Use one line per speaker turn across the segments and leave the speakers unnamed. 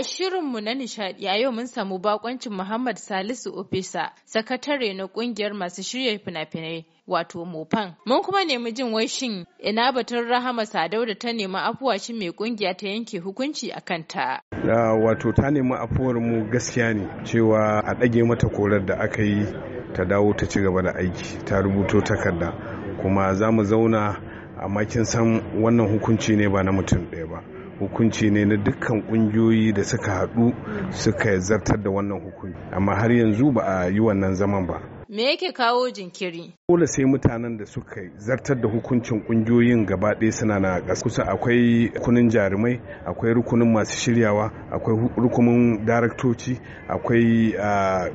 A shirinmu na nishaɗi, a yau mun samu bakoncin Muhammad Salisu Ofisa, sakatare na ƙungiyar masu shirya fina-finai wato Mofan. Mun kuma nemi jin wai shin ina batun Rahama Sadau da ta nemi afuwa shi mai ƙungiya ta yanke hukunci a kanta.
wato ta nemi afuwar mu gaskiya ne cewa a ɗage mata korar da aka yi ta dawo ta ci gaba da aiki ta rubuto takarda kuma za mu zauna amma kin san wannan hukunci ne ba na mutum ɗaya ba. hukunci ne na dukkan kungiyoyi da suka haɗu suka zartar da wannan hukunci amma har yanzu ba a yi wannan zaman ba
me yake kawo jinkiri
dole sai mutanen da suka zartar da hukuncin kungiyoyin gaba ɗaya suna na ƙasa kusa akwai kunin jarumai akwai rukunin masu shiryawa akwai rukunin daraktoci akwai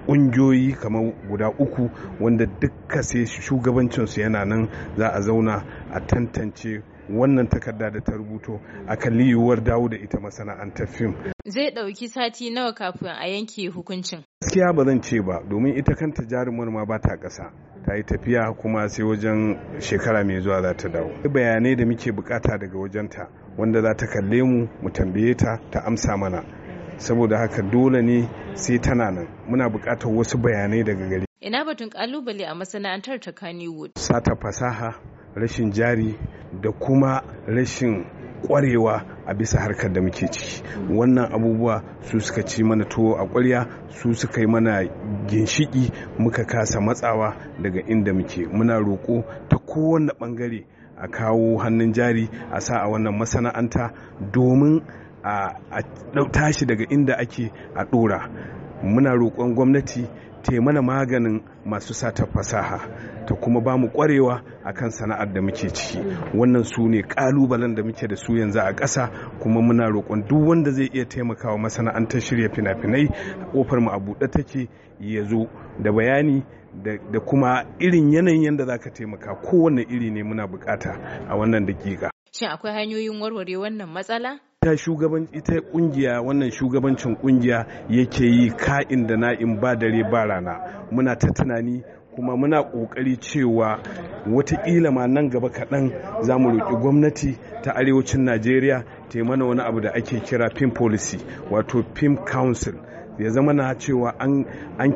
kungiyoyi kamar guda uku wanda dukka sai shugabancinsu yana nan za a zauna a tantance wannan takarda da ta rubuto a kalli yiwuwar dawo da ita masana'antar fim.
Zai ɗauki sati nawa kafin a yanke hukuncin?
Gaskiya ba zan ce ba domin ita kanta jarumar ma ba ta ƙasa. Ta yi tafiya kuma sai wajen shekara mai zuwa za ta dawo. Bayanai da muke bukata daga wajenta wanda za ta kalle mu mu tambaye ta ta amsa mana. Saboda haka dole ne sai tana nan muna bukatar wasu bayanai daga gari.
Ina batun kalubale a masana'antar ta Kannywood.
Sata fasaha rashin jari da kuma rashin kwarewa a bisa harkar da muke ciki wannan abubuwa su suka ci mana tuwo a kwarya su suka yi mana ginshiki muka kasa matsawa daga inda muke muna roƙo ta kowane ɓangare a kawo hannun jari a sa a wannan masana'anta domin a tashi daga inda ake a ɗora muna roƙon gwamnati ta mana maganin masu satar fasaha ta kuma ba mu a kan sana'ar da muke ciki wannan su ne kalubalen da muke da su yanzu a ƙasa kuma muna roƙon duk wanda zai iya taimakawa masana'antar shirya fina-finai kofar mu a buɗe take ya zo da bayani da kuma irin yanayin yadda za ka taimaka kowane iri ne muna bukata a wannan daƙiƙa.
Shin akwai hanyoyin warware wannan matsala?
ita shugaban ita kungiya wannan shugabancin kungiya yake yi ka'in da na'in ba dare ba rana muna ta tunani kuma muna ƙoƙari cewa watakila ma nan gaba kaɗan za mu roƙi gwamnati ta arewacin najeriya ta yi mana wani abu da ake kira pin policy wato pin council ya zama na cewa an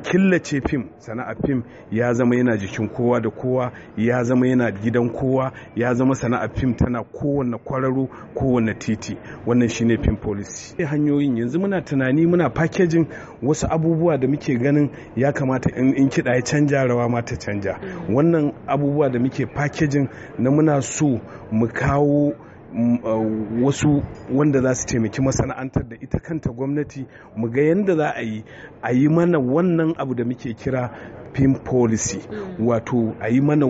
killace fim sana'a fim ya zama yana jikin kowa da kowa ya zama yana gidan kowa ya zama sana'a fim tana kowanne kwararo kowanne titi wannan shine fim policy hanyoyin yanzu muna tunani muna packaging wasu abubuwa da muke ganin ya kamata in kiɗa ya canja rawa ma ta canja wannan abubuwa da muke packaging na muna so mu kawo Mm, uh, wasu wanda za su taimaki masana'antar da ita kanta gwamnati mu ga yadda za a yi a yi mana wannan abu da muke kira pin policy mm. wato a yi mana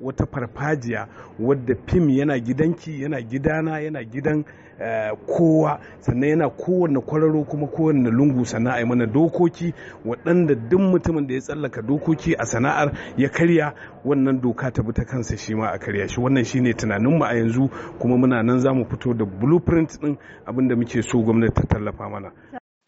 wata farfajiya wadda pim yana gidanki yana gidana yana gidan eh, kowa sannan yana kowanne kwararo kuma kowanne lungu sannan yi mana dokoki waɗanda duk mutumin da ya tsallaka dokoki a sana'ar ya karya wannan doka ta bi ta kansa shi ma a karya shi wannan shine tunaninmu a yanzu kuma muna nan za mu fito da blueprint ɗin abin da muke so gwamnati ta tallafa mana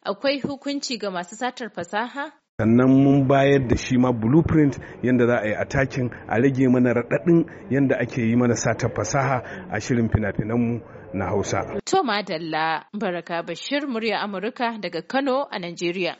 akwai hukunci ga masu satar fasaha
sannan mun bayar da shi ma blueprint yadda za a yi attacking a rage mana raɗaɗin yadda ake yi mana sata fasaha a shirin fina-finanmu na hausa.
to madalla baraka bashir murya amurka daga kano a Najeriya.